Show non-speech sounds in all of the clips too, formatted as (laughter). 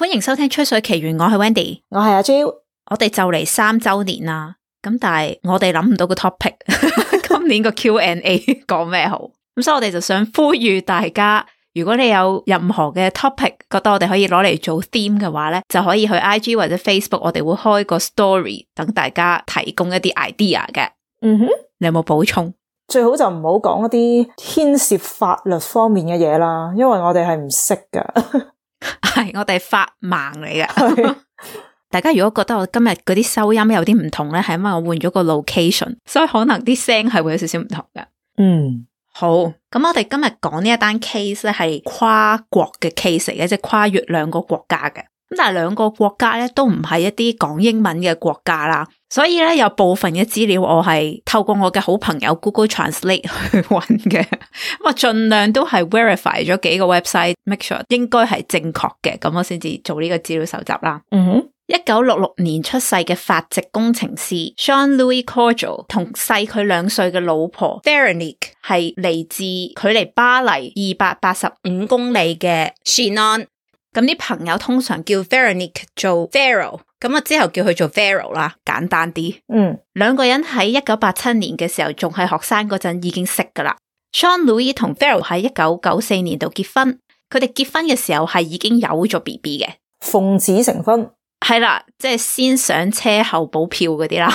歡迎收聽《吹水奇緣》，我係 Wendy，我係阿 Jo，我哋就嚟三周年啦！咁但係我哋諗唔到個 topic， (laughs) (laughs) 今年個 Q&A 講咩好？咁所以我哋就想呼籲大家。如果你有任何嘅 topic，覺得我哋可以攞嚟做 theme 嘅話咧，就可以去 IG 或者 Facebook，我哋會開個 story 等大家提供一啲 idea 嘅。嗯哼、mm，hmm。你有冇補充？最好就唔好講一啲牽涉法律方面嘅嘢啦，因為我哋係唔識噶，係 (laughs) (laughs) 我哋係法盲嚟噶。 (laughs) 是 (laughs) (laughs) 大家如果覺得我今日嗰啲收音有啲唔同咧，係因為我換咗個 location，所以可能啲聲係會有少少唔同噶。嗯。Mm. 好，咁我哋今日講呢一單 case 咧，係跨國嘅 case 嘅，即係跨越兩個國家嘅。咁但係兩個國家咧都唔係一啲講英文嘅國家啦，所以咧有部分嘅資料我係透過我嘅好朋友 Google Translate 去搵嘅，咁 (laughs) 啊盡量都係 verify 咗幾個 website，make sure 應該係正確嘅，咁我先至做呢個資料搜集啦。嗯哼、mm。Hmm. 一九六六年出世嘅法籍工程師 Jean-Louis Courjault 同細佢兩歲嘅老婆 Véronique 係嚟自距離巴黎二百八十五公里嘅 Chinon。咁啲朋友通常叫 Véronique 做 Vero，咁我之後叫佢做 Vero 啦，簡單啲。嗯，兩個人喺一九八七年嘅時候仲係學生嗰陣已經識噶啦。Jean-Louis 同 Vero 喺一九九四年度結婚，佢哋結婚嘅時候係已經有咗 BB 嘅，奉子成婚。係啦，即係先上車後補票嗰啲啦。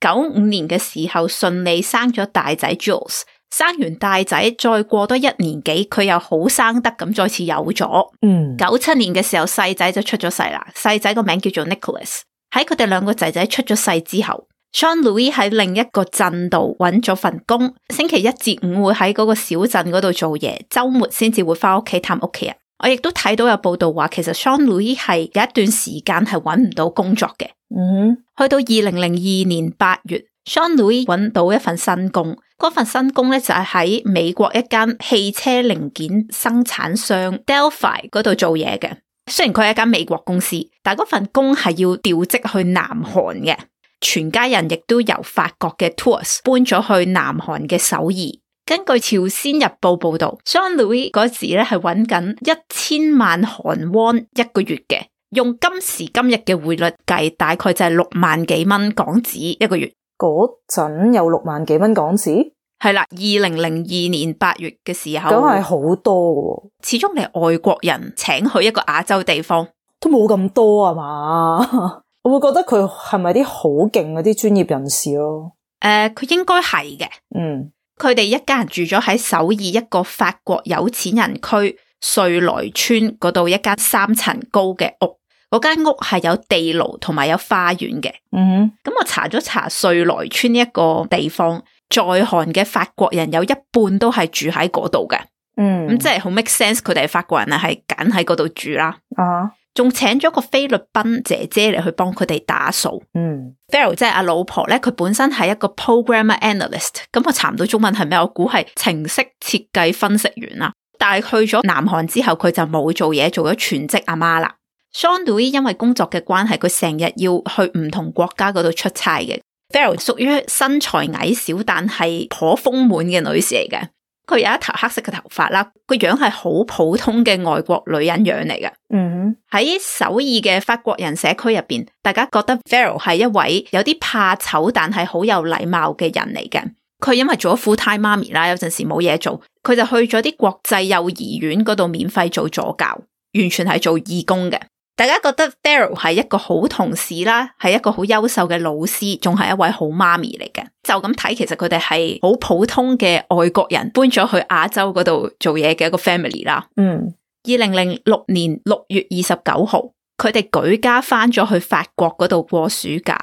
九 (laughs) 五、mm hmm. 年嘅時候順利生咗大仔 Jules，生完大仔再過多一年幾，佢又好生得咁再次有咗。嗯、mm，九、hmm. 七年嘅時候細仔就出咗世啦，細仔個名叫做 Nicholas。喺佢哋兩個仔仔出咗世之後 Jean-Louis 喺另一個鎮度揾咗份工，星期一至五會喺嗰個小鎮嗰度做嘢，周末先至會翻屋企探屋企人。我亦都睇到有報道話，其實 Jean-Louis 係有一段時間係揾唔到工作嘅。嗯、mm，hmm. 去到二零零二年八月，Jean-Louis 揾到一份新工，嗰份新工呢就係、是、喺美國一間汽車零件生產商 Delphi 嗰度做嘢嘅。雖然佢係一間美國公司，但係嗰份工係要調職去南韓嘅，全家人亦都由法國嘅 Tours 搬咗去南韓嘅首爾。根據朝鮮日報報道 Jean-Louis 嗰時咧係揾緊一千萬韓元一個月嘅，用今時今日嘅匯率計，大概就係六萬幾蚊港紙一個月。嗰陣有六萬幾蚊港紙？係啦，二零零二年八月嘅時候，都係好多，始終係外國人請去一個亞洲地方，都冇咁多啊嘛？ (laughs) 我會覺得佢係咪啲好勁嗰啲專業人士咯？誒、呃，佢應該係嘅，嗯。佢哋一家人住咗喺首爾一個法國有錢人區瑞來村嗰度一間三層高嘅屋，嗰間屋係有地牢同埋有花園嘅。嗯哼，咁我查咗查瑞來村呢一個地方，在韓嘅法國人有一半都係住喺嗰度嘅。嗯，咁即係好 make sense，佢哋係法國人啊，係揀喺嗰度住啦。啊。仲請咗個菲律賓姐姐嚟去幫佢哋打掃。嗯，Véro 即係阿老婆咧，佢本身係一個 programmer analyst，咁我查唔到中文係咩，我估係程式設計分析員啦。但係去咗南韓之後，佢就冇做嘢，做咗全職阿媽啦。Jean-Louis 因為工作嘅關係，佢成日要去唔同國家嗰度出差嘅。Véro 屬於身材矮小但係頗豐滿嘅女士嚟嘅。佢有一頭黑色嘅頭髮啦，個樣係好普通嘅外國女人樣嚟嘅。嗯、mm，喺、hmm. 首爾嘅法國人社區入邊，大家覺得 Vero 係一位有啲怕醜但係好有禮貌嘅人嚟嘅。佢因為做咗 full time 媽咪啦，有陣時冇嘢做，佢就去咗啲國際幼兒園嗰度免費做助教，完全係做義工嘅。大家覺得 Darrell 係一個好同事啦，係一個好優秀嘅老師，仲係一位好媽咪嚟嘅。就咁睇，其實佢哋係好普通嘅外國人，搬咗去亞洲嗰度做嘢嘅一個 family 啦。嗯，二零零六年六月二十九號，佢哋舉家翻咗去法國嗰度過暑假。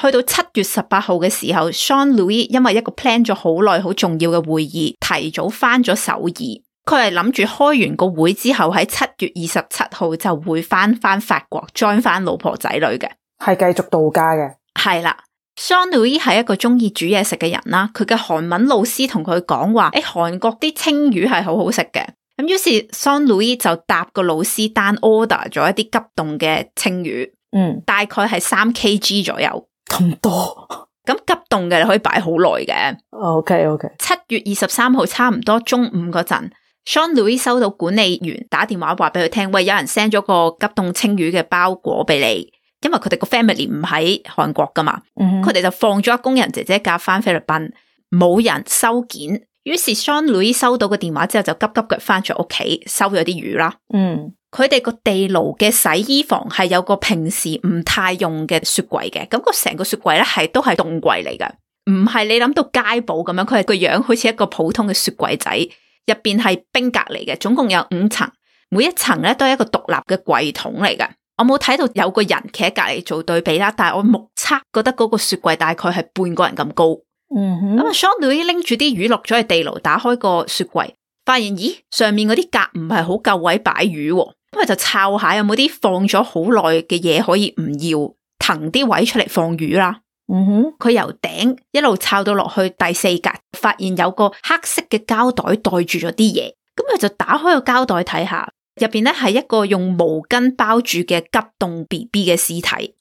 去到七月十八號嘅時候，Jean-Louis 因為一個 plan 咗好耐、好重要嘅會議，提早翻咗首爾。佢係諗住開完個會之後喺七月二十七號就會翻翻法國 join 翻老婆仔女嘅，係繼續度假嘅。係啦，Jean-Louis 係一個中意煮嘢食嘅人啦。佢嘅韓文老師同佢講話，誒、欸，韓國啲鯖魚係好好食嘅。咁於是 Jean-Louis 就搭個老師單 order 咗一啲急凍嘅鯖魚，嗯，大概係三 Kg 左右，咁、嗯、麼多。咁 (laughs) 急凍嘅你可以擺好耐嘅。OK OK。七月二十三號差唔多中午嗰陣。Jean-Louis 收到管理員打電話話俾佢聽，喂，有人 send 咗個急凍鯖魚嘅包裹俾你，因為佢哋個 family 唔喺韓國噶嘛，佢哋、mm hmm. 就放咗工人姐姐嫁翻菲律賓，冇人收件，於是 Jean-Louis 收到個電話之後就急急腳翻咗屋企收咗啲魚啦。嗯、mm，佢哋個地牢嘅洗衣房係有個平時唔太用嘅雪櫃嘅，咁個成個雪櫃咧係都係凍櫃嚟嘅，唔係你諗到街寶咁樣，佢係個樣好似一個普通嘅雪櫃仔。入邊係冰格嚟嘅，總共有五層，每一層咧都係一個獨立嘅櫃桶嚟嘅。我冇睇到有個人企喺隔籬做對比啦，但係我目測覺得嗰個雪櫃大概係半個人咁高。嗯哼，咁 Jean-Louis 拎住啲魚落咗去地牢，打開個雪櫃，發現咦，上面嗰啲格唔係好夠位擺魚，咁咪就抄下有冇啲放咗好耐嘅嘢可以唔要，騰啲位出嚟放魚啦。嗯哼，佢、uh huh。由頂一路抄到落去第四格，發現有個黑色嘅膠袋袋住咗啲嘢，咁佢就打開個膠袋睇下，入邊咧係一個用毛巾包住嘅急凍 B B 嘅屍體。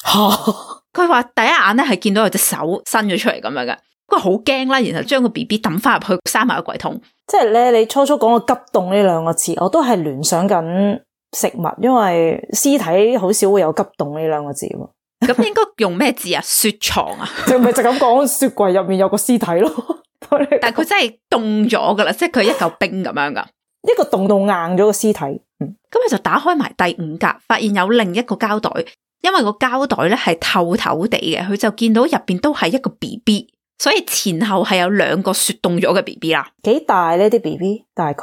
佢 (laughs) 話 (laughs) 第一眼咧係見到有隻手伸咗出嚟咁樣嘅，佢好驚啦，然後將個 B B 抌翻入去，閂埋個櫃桶。即係咧，你初初講個急凍呢兩個字，我都係聯想緊食物，因為屍體好少會有急凍呢兩個字。咁 (laughs) 應該用咩字啊？雪藏啊？就咪就咁講，雪櫃入面有個屍體咯。但係佢真係凍咗噶啦，即係佢一嚿冰咁樣噶。 (laughs) 一個凍到硬咗個屍體。嗯，咁佢就打開埋第五格，發現有另一個膠袋。因為個膠袋咧係透透地嘅，佢就見到入邊都係一個 B B，所以前後係有兩個雪凍咗嘅 B B 啦。幾大呢啲 B B？大概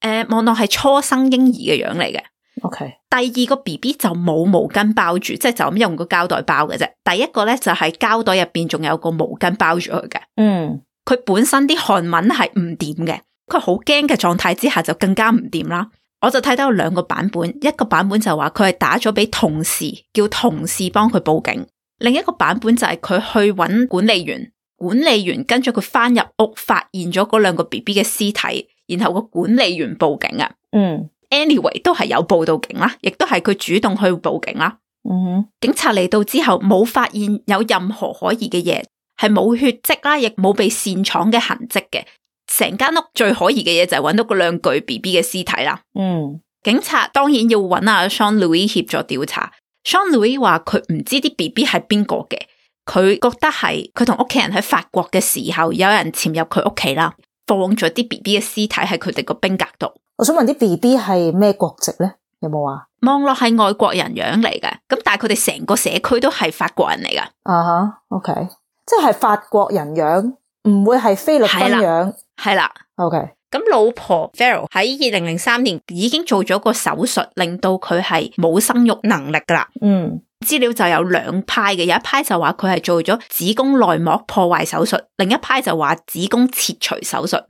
誒，望落係初生嬰兒嘅樣嚟嘅。OK，第二個 B B 就冇毛巾包住，即係就咁用個膠袋包嘅啫。第一個咧就係膠袋入邊仲有個毛巾包住佢嘅。嗯，佢本身啲韓文係唔掂嘅，佢好驚嘅狀態之下就更加唔掂啦。我就睇到有兩個版本，一個版本就話佢係打咗俾同事，叫同事幫佢報警；另一個版本就係佢去搵管理員，管理員跟住佢翻入屋，發現咗嗰兩個 B B 嘅屍體，然後個管理員報警啊。嗯。anyway 都係有報到警啦，亦都係佢主動去報警啦。嗯、mm，hmm。警察嚟到之後冇發現有任何可疑嘅嘢，係冇血跡啦，亦冇被擅闖嘅痕跡嘅。成間屋最可疑嘅嘢就係揾到嗰兩具 B B 嘅屍體啦。嗯、mm，hmm。警察當然要揾阿、啊、Jean-Louis 協助調查。Jean-Louis 話佢唔知啲 B B 係邊個嘅，佢覺得係佢同屋企人喺法國嘅時候，有人潛入佢屋企啦，放咗啲 B B 嘅屍體喺佢哋個冰格度。我想問啲 BB 係咩國籍咧？有冇啊？望落係外國人樣嚟嘅，咁但係佢哋成個社區都係法國人嚟噶。啊哈，uh huh，OK，即係法國人樣，唔會係菲律賓樣。係啦，OK。咁老婆 Farrow 喺二零零三年已經做咗個手術，令到佢係冇生育能力噶啦。嗯，資料就有兩派嘅，有一派就話佢係做咗子宮內膜破壞手術，另一派就話子宮切除手術。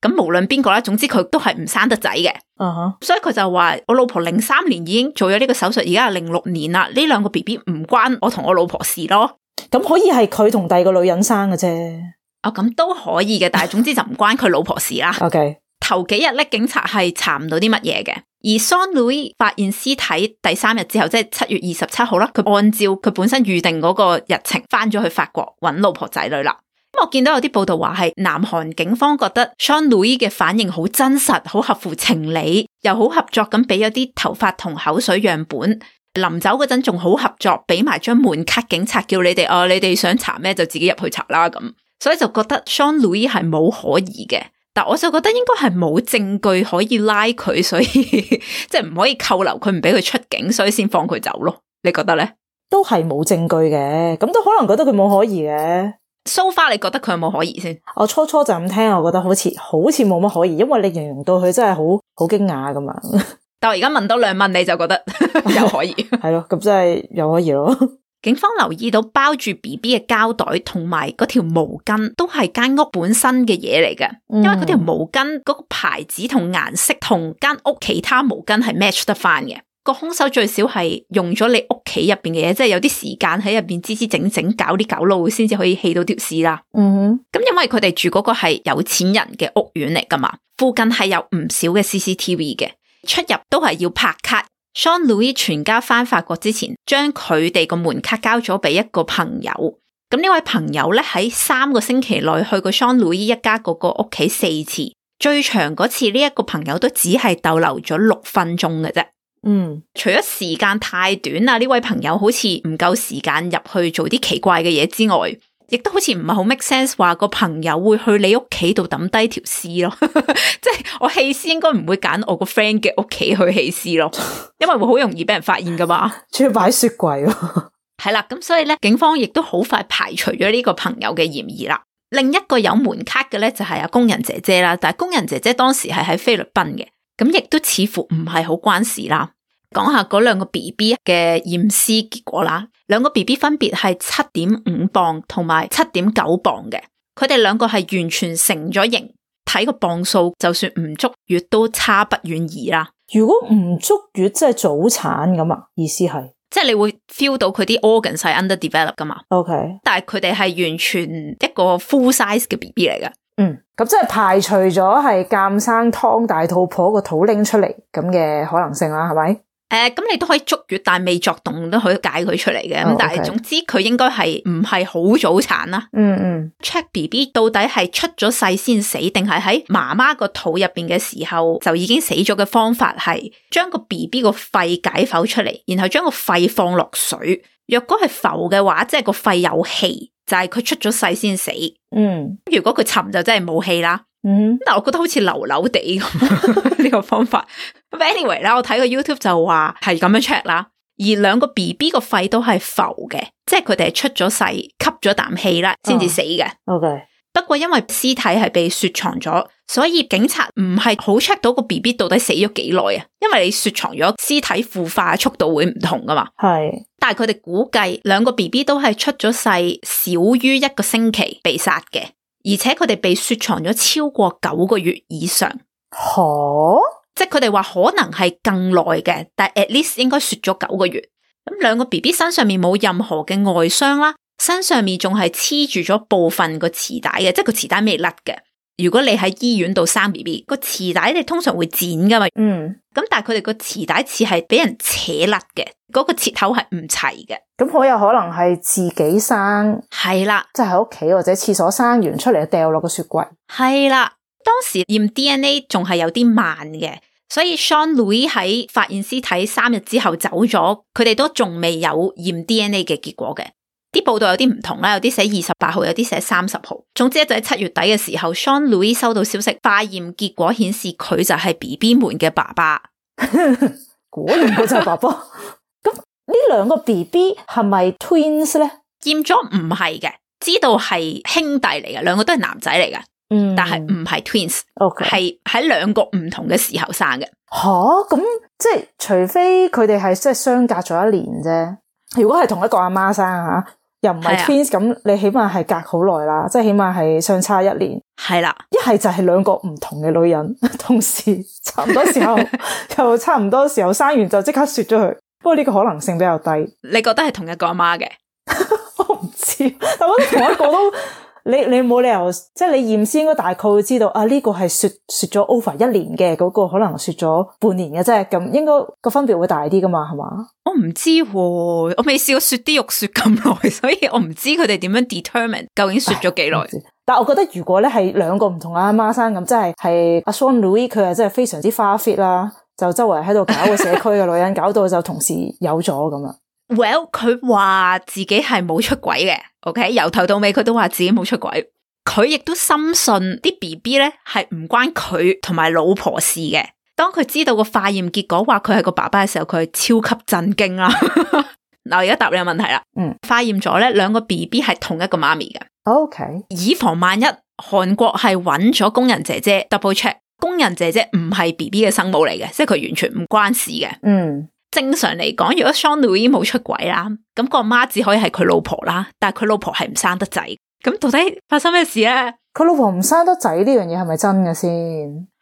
咁無論邊個咧，總之佢都係唔生得仔嘅，uh huh。所以佢就話，我老婆零三年已經做咗呢個手術，而家係零六年啦，呢兩個 B B 唔關我同我老婆事咯。咁可以係佢同第二個女人生嘅啫。哦，咁都可以嘅，但係總之就唔關佢老婆事啦。 (laughs) OK，頭幾日咧，警察係查唔到啲乜嘢嘅，而 Jean-Louis 發現屍體第三日之後，即係七月二十七號啦，佢按照佢本身預定嗰個日程翻咗去法國揾老婆仔女啦。我見到有啲報道話係南韓警方覺得 Jean-Louis 嘅反應好真實，好合乎情理，又好合作咁，俾咗啲頭髮同口水樣本。臨走嗰陣仲好合作，俾埋張門卡警察，叫你哋，哦，你哋想查咩就自己入去查啦咁。所以就覺得 Jean-Louis 係冇可疑嘅，但我就覺得應該係冇證據可以拉佢，所以即係唔可以扣留佢，唔俾佢出境，所以先放佢走咯。你覺得呢？都係冇證據嘅，咁都可能覺得佢冇可疑嘅。梳花，so、far，你覺得佢有冇可疑先？我初初就咁聽，我覺得好似好似冇乜可疑，因為你形容到佢真係好好驚訝噶嘛。 (laughs) 但我而家問多兩問，你就覺得有可疑？係咯，咁即係有可疑咯。 (laughs) (laughs) 以 (laughs) 警方留意到包住 B B 嘅膠袋同埋嗰條毛巾都係間屋本身嘅嘢嚟嘅，因為嗰條毛巾嗰個牌子同顏色同間屋，屋其他毛巾係 match 得翻嘅。個凶手最少係用咗你屋企入邊嘅嘢，即係有啲時間喺入邊支支整整搞啲狗撈，先至可以起到啲事啦。嗯、mm，咁、hmm. 因為佢哋住嗰個係有錢人嘅屋苑嚟噶嘛，附近係有唔少嘅 CCTV 嘅出入都係要拍卡。Jean-Louis 全家翻法國之前，將佢哋個門卡交咗俾一個朋友。咁呢位朋友咧喺三個星期內去過 Jean-Louis 一家個個屋企四次，最長嗰次呢一個朋友都只係逗留咗六分鐘嘅啫。嗯，除咗時間太短啦，呢位朋友好似唔夠時間入去做啲奇怪嘅嘢之外，亦都好似唔係好 make sense 話個朋友會去你屋企度抌低條屍咯， (laughs) 即係我棄屍應該唔會揀我個 friend 嘅屋企去棄屍咯，因為會好容易俾人發現噶嘛，仲要擺雪櫃喎、啊， (laughs) 係啦，咁所以咧警方亦都好快排除咗呢個朋友嘅嫌疑啦。另一個有門卡嘅咧就係、是、阿、啊、工人姐姐啦，但係工人姐姐當時係喺菲律賓嘅。咁亦都似乎唔係好關事啦。講下嗰兩個 B B 嘅驗屍結果啦，兩個 B B 分別係七點五磅同埋七點九磅嘅，佢哋兩個係完全成咗型，睇個磅數就算唔足月都差不遠矣啦。如果唔足月即係早產咁啊，意思係即係你會 feel 到佢啲 organ 係 underdevelop 噶嘛？OK，但係佢哋係完全一個 full size 嘅 B B 嚟噶。嗯，咁、嗯、即係排除咗係監生劏大肚婆個肚拎出嚟咁嘅可能性啦，係咪？誒、呃，咁你都可以足月，但未作動都可以解佢出嚟嘅，咁、哦 okay. 但係總之佢應該係唔係好早產啦。嗯嗯，check B B 到底係出咗世先死定係喺媽媽個肚入邊嘅時候就已經死咗嘅方法係將個 B B 個肺解剖出嚟，然後將個肺放落水，若果係浮嘅話，即係個肺有氣。就係佢出咗世先死，嗯，如果佢沉就真係冇氣啦，嗯，但我覺得好似流流地咁，呢個方法 (laughs) ，anyway 啦，我睇個 YouTube 就話係咁樣 check 啦，而兩個 B B 個肺都係浮嘅，即係佢哋係出咗世吸咗啖氣啦，先至死嘅，哦，ok。不過因為屍體係被雪藏咗，所以警察唔係好 check 到個 BB 到底死咗幾耐啊。因為你雪藏咗屍體，腐化速度會唔同噶嘛。係是。但係佢哋估計兩個 BB 都係出咗世少於一個星期被殺嘅，而且佢哋被雪藏咗超過九個月以上。可，即係佢哋話可能係更耐嘅，但係 at least 應該雪咗九個月。咁兩個 BB 身上面冇任何嘅外傷啦、啊。身上面仲係黐住咗部分個臍帶嘅，即係個臍帶未甩嘅。如果你喺醫院度生 B B 個臍帶，你通常會剪噶嘛？嗯。咁但係佢哋個臍帶似係俾人扯甩嘅，嗰個切頭係唔齊嘅。咁好、嗯、有可能係自己生。係啦，即係喺屋企或者廁所生完出嚟，掉落個雪櫃。係啦，當時驗 D N A 仲係有啲慢嘅，所以 Jean-Louis 喺發現屍體三日之後走咗，佢哋都仲未有驗 D N A 嘅結果嘅。啲報道有啲唔同啦，有啲寫二十八號，有啲寫三十號。總之就喺七月底嘅時候，Jean-Louis 收到消息，化驗結果顯示佢就係 B B 們嘅爸爸。 (laughs) 果然佢就係爸爸。咁 (laughs) 呢兩個 B B 係咪 twins 咧？驗咗唔係嘅，知道係兄弟嚟嘅，兩個都係男仔嚟嘅。嗯，但係唔係 twins，係喺兩個唔同嘅時候生嘅。吓、啊，咁即係除非佢哋係即係相隔咗一年啫。如果係同一個阿媽生吓。啊又唔係 twins 咁、啊，你起碼係隔好耐啦，即係起碼係相差一年。係啦、啊，一係就係兩個唔同嘅女人，同時差唔多時候就 (laughs) 差唔多時候生完就即刻雪咗佢。不過呢個可能性比較低。你覺得係同一個阿媽嘅？ (laughs) 我唔知，我覺得同一個都。 (laughs) 你你冇理由，即係你驗屍應該大概會知道啊？呢、這個係雪雪咗 over 一年嘅，嗰、那個可能雪咗半年嘅，即係咁應該個分別會大啲噶嘛？係嘛、哦？我唔知喎，我未試過雪啲肉雪咁耐，所以我唔知佢哋點樣 determine 究竟雪咗幾耐。但係我覺得如果咧係兩個唔同阿、啊、媽生咁，即係係阿 Jean-Louis 佢又真係非常之花 fit 啦，就周圍喺度搞個社區嘅女人， (laughs) 搞到就同時有咗咁啊！Well，佢話自己係冇出軌嘅，OK，由頭到尾佢都話自己冇出軌。佢亦都深信啲 B B 咧，係唔關佢同埋老婆事嘅。當佢知道個化驗結果話佢係個爸爸嘅時候，佢係超級震驚啦。嗱， (laughs) 我而家答你個問題啦，嗯，mm. 化驗咗咧，兩個 B B 係同一個媽咪嘅。OK，以防萬一，韓國係揾咗工人姐姐 double check，工人姐姐唔係 B B 嘅生母嚟嘅，即係佢完全唔關事嘅。嗯。Mm. 正常嚟講，如果 Jean-Louis 冇出軌啦，咁個媽只可以係佢老婆啦。但係佢老婆係唔生得仔，咁到底發生咩事咧？佢老婆唔生得仔呢樣嘢係咪真嘅先？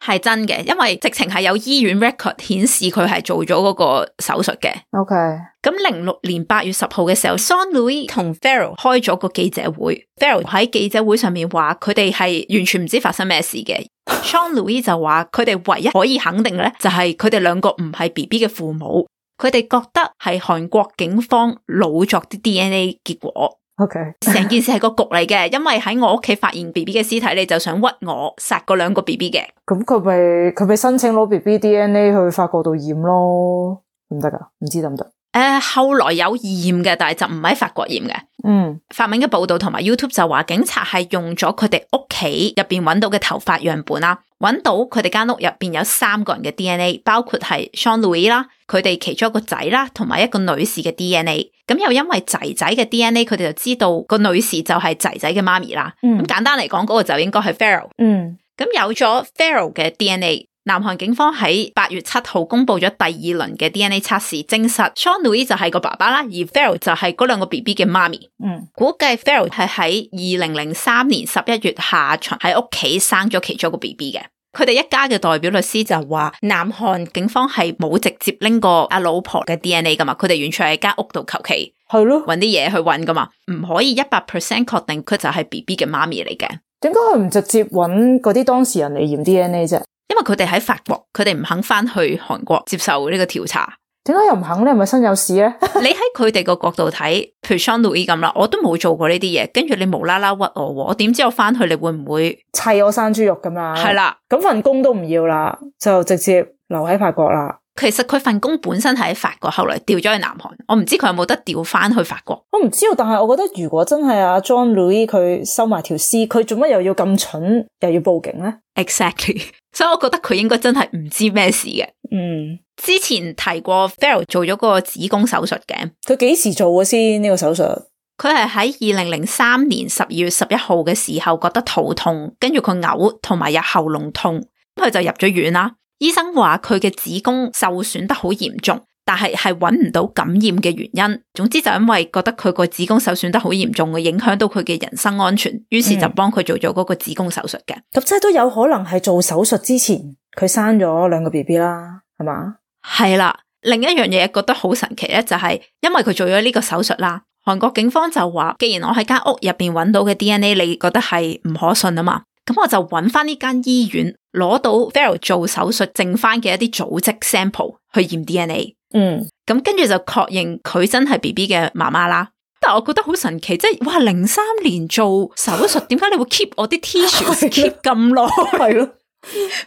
係真嘅，因為直情係有醫院 record 顯示佢係做咗嗰個手術嘅。OK，咁零六年八月十號嘅時候，Jean (laughs) Louis 同 Pharaoh 開咗個記者會，Pharaoh 喺記者會上面話佢哋係完全唔知發生咩事嘅。Jean (laughs) Louis 就話佢哋唯一可以肯定嘅咧，就係佢哋兩個唔係 B B 嘅父母。佢哋覺得係韓國警方老作啲 DNA 結果，OK，成 (laughs) 件事係個局嚟嘅。因為喺我屋企發現 B B 嘅屍體，你就想屈我殺過兩個 B B 嘅。咁佢咪佢咪申請攞 B B DNA 去法國度驗咯？唔得噶，唔知得唔得？誒，uh, 後來有驗嘅，但係就唔喺法國驗嘅。嗯，法文嘅報道同埋 YouTube 就話警察係用咗佢哋屋企入邊揾到嘅頭髮樣本啦、啊。揾到佢哋間屋入邊有三個人嘅 DNA，包括係 Jean-Louis 啦，佢哋其中一個仔啦，同埋一個女士嘅 DNA。咁又因為仔仔嘅 DNA，佢哋就知道個女士就係仔仔嘅媽咪啦。咁、嗯、簡單嚟講，嗰、那個就應該係 Pharaoh。嗯，咁有咗 Pharaoh 嘅 DNA。南韓警方喺八月七號公布咗第二輪嘅 DNA 測試，證實 Jean-Louis 就係個爸爸啦，而 Véro 就係嗰兩個 BB 嘅媽咪。嗯，估計 Véro 係喺二零零三年十一月下旬喺屋企生咗其中一個 BB 嘅。佢哋一家嘅代表律師就話，南韓警方係冇直接拎過阿老婆嘅 DNA 噶嘛，佢哋完全喺間屋度求其係咯，搵啲嘢去搵噶嘛，唔可以一百 percent 確定佢就係 BB 嘅媽咪嚟嘅。點解佢唔直接搵嗰啲當事人嚟驗 DNA 啫？因為佢哋喺法國，佢哋唔肯翻去韓國接受呢個調查。點解又唔肯咧？係咪身有事咧？ (laughs) 你喺佢哋個角度睇，譬如 Jean-Louis 咁啦，我都冇做過呢啲嘢，跟住你無啦啦屈我，我點知我翻去你會唔會砌我生豬肉㗎嘛？係啦的，咁份工都唔要啦，就直接留喺法國啦。.其實佢份工本身係喺法國，後來調咗去南韓。我唔知佢有冇得調翻去法國。我唔知道。但係我覺得如果真係阿、啊、Jean-Louis 佢收埋條屍，佢做乜又要咁蠢，又要報警呢？Exactly. (laughs) 所以我覺得佢應該真係唔知咩事嘅。嗯，之前提過 Fell 做咗個子宮手術嘅，佢幾時做嘅先？呢、這個手術佢係喺二零零三年十二月十一號嘅時候覺得肚痛，跟住佢嘔，同埋有，有喉嚨痛，佢就入咗院啦。醫生話佢嘅子宮受損得好嚴重，但係係揾唔到感染嘅原因。總之就因為覺得佢個子宮受損得好嚴重，會影響到佢嘅人身安全，於是就幫佢做咗嗰個子宮手術嘅。咁即係都有可能係做手術之前佢生咗兩個 BB 啦，係嘛？係啦，另一樣嘢覺得好神奇咧，就係因為佢做咗呢個手術啦，韓國警方就話，既然我喺間屋入邊揾到嘅 DNA，你覺得係唔可信啊嘛？咁我就揾翻呢間醫院。攞到 Véro 做手術剩翻嘅一啲組織 sample 去驗 DNA，嗯，咁跟住就確認佢真係 BB 嘅媽媽啦。但係我覺得好神奇，即、就、係、是、哇零三年做手術，點解 (laughs) 你會 keep 我啲 tissue、啊、keep 咁耐？係咯、啊，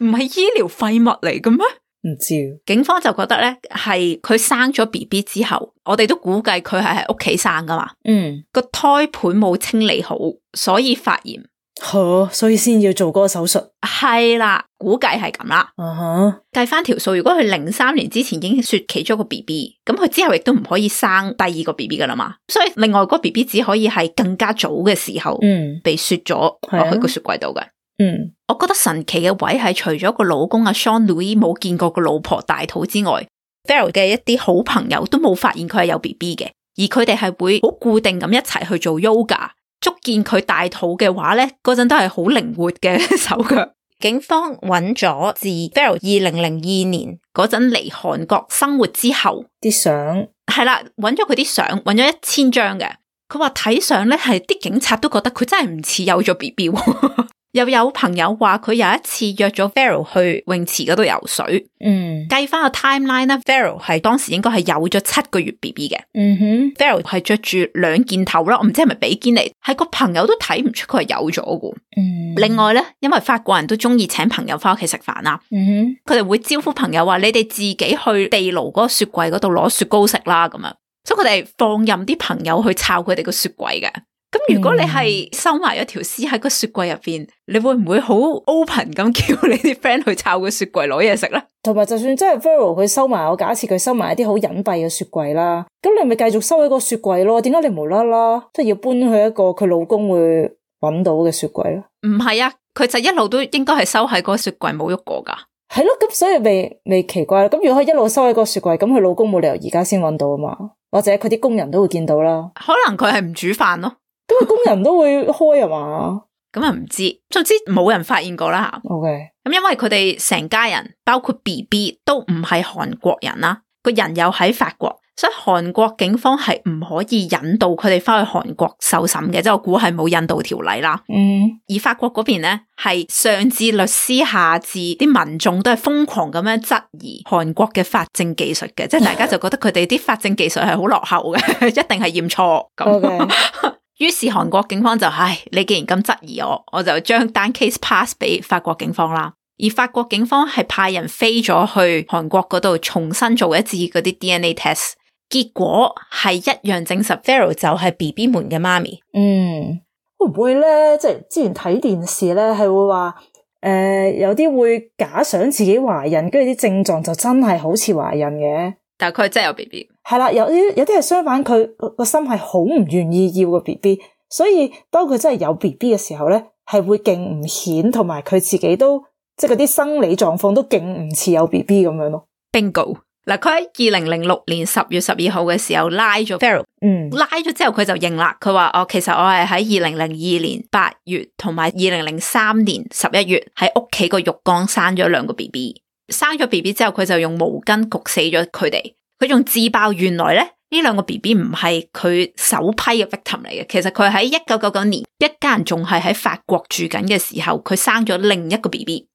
唔係、啊、 (laughs) 醫療廢物嚟嘅咩？唔知。警方就覺得咧，係佢生咗 BB 之後，我哋都估計佢係喺屋企生噶嘛。嗯，個胎盤冇清理好，所以發炎。好，oh, 所以先要做嗰個手術，係啦，估計係咁啦。嗯哼、uh，計翻條數，如果佢零三年之前已經雪其中一個 B B，咁佢之後亦都唔可以生第二個 B B 噶啦嘛。所以另外嗰個 B B 只可以係更加早嘅時候，嗯，被雪咗落去個雪櫃度嘅。嗯，mm. 我覺得神奇嘅位係除咗個老公阿 Jean-Louis 冇見過個老婆大肚之外、mm.，Phil 嘅、ah、一啲好朋友都冇發現佢係有 B B 嘅，而佢哋係會好固定咁一齊去做 yoga。.足見佢大肚嘅話咧，嗰陣都係好靈活嘅手腳。 (laughs) 警方揾咗自 Véronique 二零零二年嗰陣嚟韓國生活之後啲相，係啦，揾咗佢啲相，揾咗一千張嘅。佢話睇相咧，係啲警察都覺得佢真係唔似有咗 BB。 (laughs) 又有朋友話佢有一次約咗 Vero 去泳池嗰度游水，嗯，計翻個 timeline 啦，Vero 係當時應該係有咗七個月 B B 嘅，嗯哼，Vero 係着住兩件頭咯，我唔知係咪比堅尼，係個朋友都睇唔出佢係有咗嘅，嗯，另外咧，因為法國人都中意請朋友翻屋企食飯啦，嗯哼，佢哋會招呼朋友話你哋自己去地牢嗰個雪櫃嗰度攞雪糕食啦，咁啊，所以佢哋放任啲朋友去抄佢哋個雪櫃嘅。咁、嗯、如果你係收埋一條屍，喺個雪櫃入邊，你會唔會好 open 咁叫你啲 friend 去抄個雪櫃攞嘢食咧？同埋就算真係 Vero 佢收埋，我假設佢收埋一啲好隱蔽嘅雪櫃啦，咁你咪繼續收喺個雪櫃咯？點解你無啦啦即係要搬去一個佢老公會揾到嘅雪櫃咧？唔係啊，佢就一路都應該係收喺嗰個雪櫃冇喐過噶。係咯、啊，咁所以未未奇怪啦。咁如果佢一路收喺個雪櫃，咁佢老公冇理由而家先揾到啊嘛？或者佢啲工人都會見到啦。可能佢係唔煮飯咯。 (laughs) 因為，工人都會開啊嘛？咁啊，唔知，總之冇人發現過啦吓。O K，咁因為佢哋成家人包括 B B 都唔係韓國人啦，個人又喺法國，所以韓國警方係唔可以引渡佢哋翻去韓國受審嘅，即係我估係冇引渡條例啦。嗯，mm. 而法國嗰邊咧係上至律師，下至啲民眾都係瘋狂咁樣質疑韓國嘅法證技術嘅，即係大家就覺得佢哋啲法證技術係好落後嘅， (laughs) 一定係驗錯咁。Okay. (laughs) 於是韓國警方就唉，你既然咁質疑我，我就將單 case pass 俾法國警方啦。而法國警方係派人飛咗去韓國嗰度，重新做一次嗰啲 DNA test，結果係一樣證實 Vero 就係 B B 們嘅媽咪。嗯，會唔會咧？即係之前睇電視咧，係會話誒、呃，有啲會假想自己懷孕，跟住啲症狀就真係好似懷孕嘅，但佢真係有 B B。係啦，有啲有啲係相反，佢個心係好唔願意要個 B B，所以當佢真係有 B B 嘅時候咧，係會勁唔顯，同埋佢自己都即係嗰啲生理狀況都勁唔似有 BB B B 咁樣咯。Bingo！嗱，佢喺二零零六年十月十二號嘅時候拉咗 Feral，嗯，拉咗之後佢就認啦，佢話我其實我係喺二零零二年八月同埋二零零三年十一月喺屋企個浴缸生咗兩個 B B，生咗 B B 之後佢就用毛巾焗死咗佢哋。佢仲自爆，原來咧呢兩個 B B 唔係佢首批嘅 victim 嚟嘅。其實佢喺一九九九年，一家人仲係喺法國住緊嘅時候，佢生咗另一個 B B，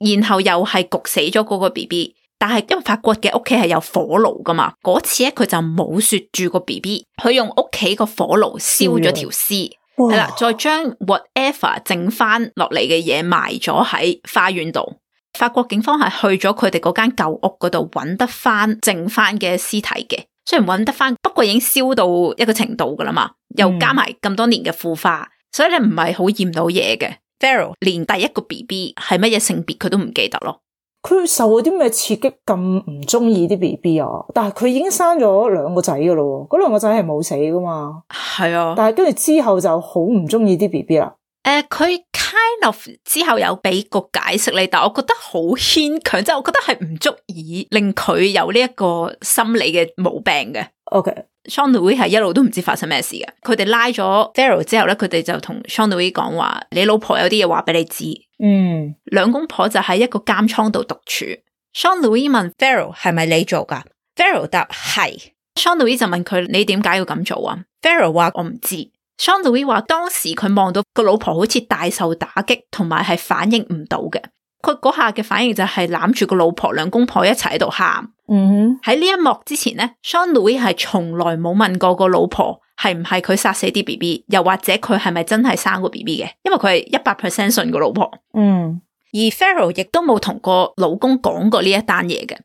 然後又係焗死咗嗰個 B B。但係因為法國嘅屋企係有火爐噶嘛，嗰次咧佢就冇雪住個 B B，佢用屋企個火爐燒咗條屍，係啦，再將 whatever 剩翻落嚟嘅嘢埋咗喺花園度。法國警方係去咗佢哋嗰間舊屋嗰度，揾得翻剩翻嘅屍體嘅。雖然揾得翻，不過已經燒到一個程度噶啦嘛，又加埋咁多年嘅腐化，嗯、所以你唔係好驗到嘢嘅。Véro 連第一個 B B 係乜嘢性別佢都唔記得咯。佢受咗啲咩刺激咁唔中意啲 B B 啊？但係佢已經生咗兩個仔噶咯，嗰兩個仔係冇死噶嘛？係是啊，但係跟住之後就好唔中意啲 B B 啦。誒，佢、uh, kind of 之後有俾個解釋你，但係我覺得好牽強，即係我覺得係唔足以令佢有呢一個心理嘅毛病嘅。OK，Jean-Louis 係一路都唔知發生咩事嘅，佢哋拉咗 Véro 之後咧，佢哋就同 Jean-Louis 講話：你老婆有啲嘢話俾你知。嗯，mm. 兩公婆就喺一個監倉度獨處。Jean-Louis 問 Véro 係咪你做噶？Véro 答係。Jean-Louis 就問佢：你點解要咁做啊？Véro 話：我唔知。Jean-Louis 話當時佢望到個老婆好似大受打擊，同埋係反應唔到嘅。佢嗰下嘅反應就係攬住個老婆，兩公婆一齊喺度喊。嗯、mm，喺、hmm. 呢一幕之前咧，Jean-Louis 係從來冇問過個老婆係唔係佢殺死啲 B B，又或者佢係咪真係生過 B B 嘅？因為佢係一百 percent 信個老婆。嗯、mm，hmm. 而 Farrow 亦都冇同個老公講過呢一單嘢嘅。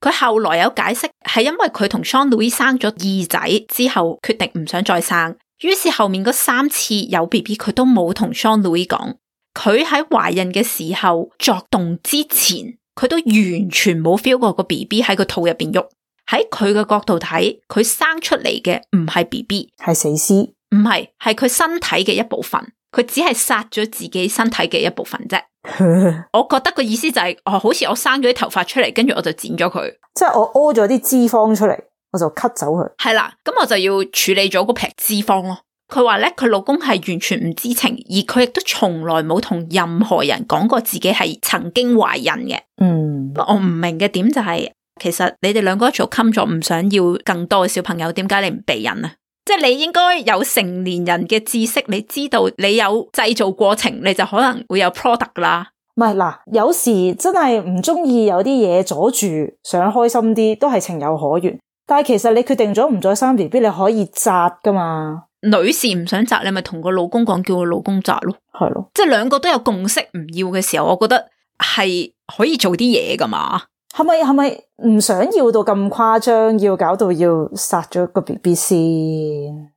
佢後來有解釋，係因為佢同 Jean-Louis 生咗二仔之後，決定唔想再生。於是後面嗰三次有 B B，佢都冇同 Jean-Louis 講。佢喺懷孕嘅時候作動之前，佢都完全冇 feel 過個 B B 喺個肚入邊喐。喺佢嘅角度睇，佢生出嚟嘅唔係 B B，係死屍，唔係係佢身體嘅一部分，佢只係殺咗自己身體嘅一部分啫。 (laughs) 我覺得個意思就係、是，哦，好似我生咗啲頭髮出嚟，跟住我就剪咗佢，即係我屙咗啲脂肪出嚟。我就 cut 走佢，係啦，咁我就要處理咗個劈脂肪咯。佢話咧，佢老公係完全唔知情，而佢亦都從來冇同任何人講過自己係曾經懷孕嘅。嗯，我唔明嘅點就係，其實你哋兩個一早 con 咗，唔想要更多嘅小朋友，點解你唔避孕啊？即係你應該有成年人嘅知識，你知道你有製造過程，你就可能會有 product 啦。唔係嗱，有時真係唔中意有啲嘢阻住，想開心啲，都係情有可原。但係其實你決定咗唔再生 B B，你可以紮噶嘛？女士唔想紮，你咪同個老公講，叫我老公紮咯，係咯的，即係兩個都有共識唔要嘅時候，我覺得係可以做啲嘢噶嘛？係咪係咪唔想要到咁誇張，要搞到要殺咗個 B B 先？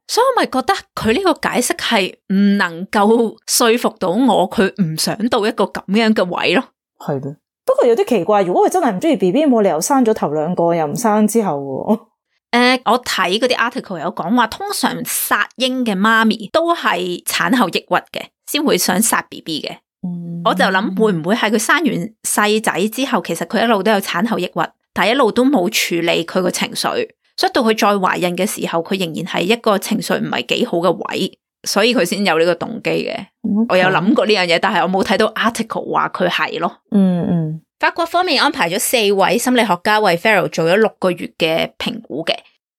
所以我咪覺得佢呢個解釋係唔能夠說服到我，佢唔想到一個咁樣嘅位咯。係咯。不過有啲奇怪，如果佢真係唔中意 BB，冇理由生咗頭兩個又唔生之後。誒，uh, 我睇嗰啲 article 有講話，通常殺嬰嘅媽咪都係產後抑鬱嘅，先會想殺 BB 嘅。Mm. 我就諗會唔會係佢生完細仔之後，其實佢一路都有產後抑鬱，但係一路都冇處理佢個情緒，所以到佢再懷孕嘅時候，佢仍然係一個情緒唔係幾好嘅位。所以佢先有呢個動機嘅，Okay. 我有諗過呢樣嘢，但係我冇睇到 article 話佢係咯。嗯嗯、mm，hmm. 法國方面安排咗四位心理學家為 Pharaoh 做咗六個月嘅評估嘅，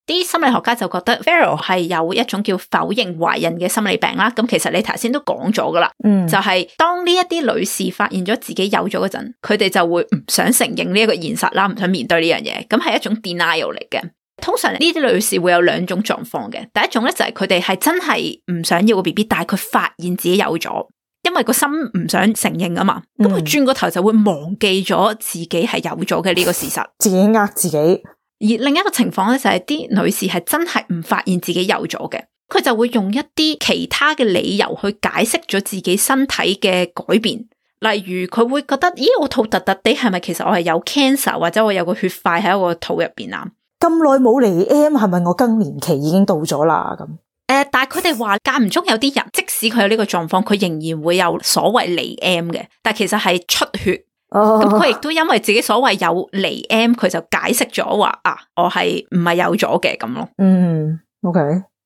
啲心理學家就覺得 Pharaoh 係有一種叫否認懷孕嘅心理病啦。咁其實你頭先都講咗㗎喇，嗯、mm，hmm. 就係當呢一啲女士發現咗自己有咗嗰陣，佢哋就會唔想承認呢一個現實啦，唔想面對呢樣嘢，咁係一種 denial 嚟嘅。通常呢啲女士會有兩種狀況嘅，第一種咧就係佢哋係真係唔想要個 BB，但係佢發現自己有咗，因為個心唔想承認啊嘛，咁佢、嗯、轉個頭就會忘記咗自己係有咗嘅呢個事實，自己呃自己。而另一個情況咧就係、是、啲女士係真係唔發現自己有咗嘅，佢就會用一啲其他嘅理由去解釋咗自己身體嘅改變，例如佢會覺得，咦，我肚突突地係咪其實我係有 cancer 或者我有個血塊喺我個肚入邊啊？咁耐冇嚟 M，係咪我更年期已經到咗啦？咁誒、呃，但係佢哋話間唔中有啲人，即使佢有呢個狀況，佢仍然會有所謂嚟 M 嘅。但係其實係出血，咁佢亦都因為自己所謂有嚟 M，佢就解釋咗話啊，我係唔係有咗嘅咁咯。嗯，OK。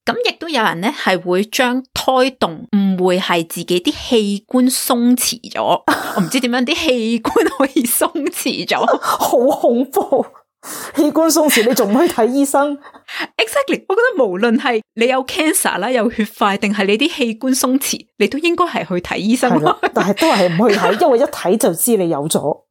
咁亦都有人咧係會將胎動誤會係自己啲器官鬆弛咗， (laughs) 我唔知點樣啲器官可以鬆弛咗， (laughs) 好恐怖。 (laughs) 器官鬆弛，你仲唔去睇醫生？Exactly，我覺得無論係你有 cancer 啦，有血塊，定係你啲器官鬆弛，你都應該係去睇醫生 (laughs) 。但係都係唔去睇， (laughs) 因為一睇就知你有咗。咁、 (laughs)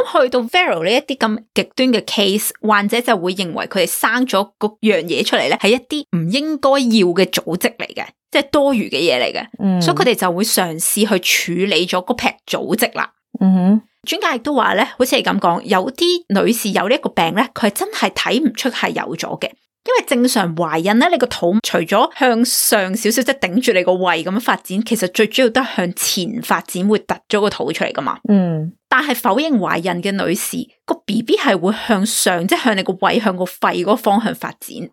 哦、去到 Vero 呢一啲咁極端嘅 case，患者就會認為佢哋生咗嗰樣嘢出嚟咧，係一啲唔應該要嘅組織嚟嘅，即、就、係、是、多餘嘅嘢嚟嘅。嗯、所以佢哋就會嘗試去處理咗嗰塊組織啦。嗯哼。專家亦都話咧，好似係咁講，有啲女士有呢一個病咧，佢係真係睇唔出係有咗嘅，因為正常懷孕咧，你個肚除咗向上少少，即係頂住你個胃咁樣發展，其實最主要得向前發展，會突咗個肚出嚟噶嘛。嗯，但係否認懷孕嘅女士個 B B 係會向上，即係向你個胃、向個肺嗰個方向發展，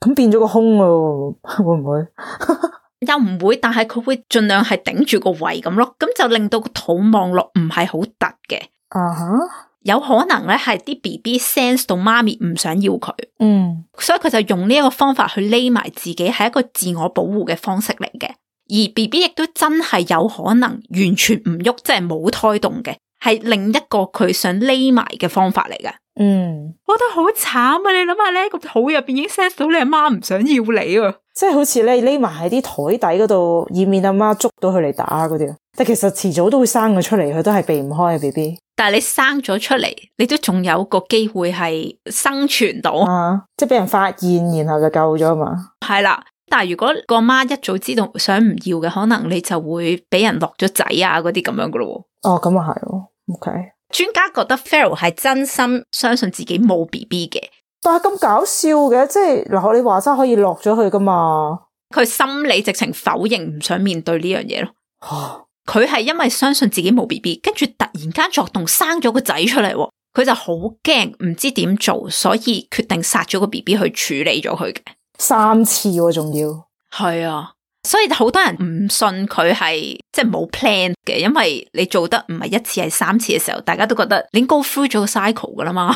咁變咗個胸咯，會唔會？ (laughs) 又唔會，但係佢會盡量係頂住個胃咁咯，咁就令到個肚望落唔係好突嘅。啊，uh-huh. 有可能咧係啲 BB sense 到媽咪唔想要佢，嗯，mm. 所以佢就用呢一個方法去匿埋自己，係一個自我保護嘅方式嚟嘅。而 BB 亦都真係有可能完全唔喐，即係冇胎動嘅，係另一個佢想匿埋嘅方法嚟嘅。嗯，mm. 我覺得好慘啊！你諗下咧，個肚入邊已經 sense 到你阿媽唔想要你啊。即係好似咧，匿埋喺啲台底嗰度，以免阿媽捉到佢嚟打嗰啲。但其實遲早都會生佢出嚟，佢都係避唔開 B B。寶寶但係你生咗出嚟，你都仲有個機會係生存到，啊、即係俾人發現，然後就救咗嘛。係啦，但係如果個媽一早知道想唔要嘅，可能你就會俾人落咗仔啊嗰啲咁樣噶咯。哦，咁啊係哦。O K，專家覺得 Véro 係真心相信自己冇 B B 嘅。但係咁搞笑嘅，即係嗱，你話齋可以落咗去噶嘛？佢心理直情否認，唔想面對呢樣嘢咯。佢係 (laughs) 因為相信自己冇 B B，跟住突然間作動生咗個仔出嚟，佢就好驚，唔知點做，所以決定殺咗個 B B 去處理咗佢嘅三次，啊，仲要係啊！所以好多人唔信佢係即係冇 plan 嘅，因為你做得唔係一次係三次嘅時候，大家都覺得你已經 go through 咗個 cycle 噶啦嘛，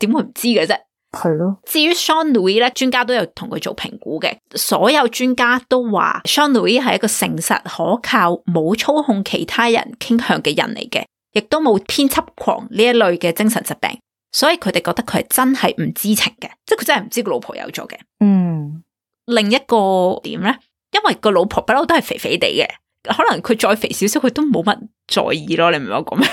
點 (laughs) 會唔知嘅啫？係咯，至於 Jean-Louis 咧，專家都有同佢做評估嘅。所有專家都話 Jean-Louis 係一個誠實、可靠、冇操控其他人傾向嘅人嚟嘅，亦都冇偏執狂呢一類嘅精神疾病。所以佢哋覺得佢係真係唔知情嘅，即係佢真係唔知個老婆有咗嘅。嗯，另一個點咧，因為個老婆不嬲都係肥肥地嘅，可能佢再肥少少，佢都冇乜在意咯。你明我講咩？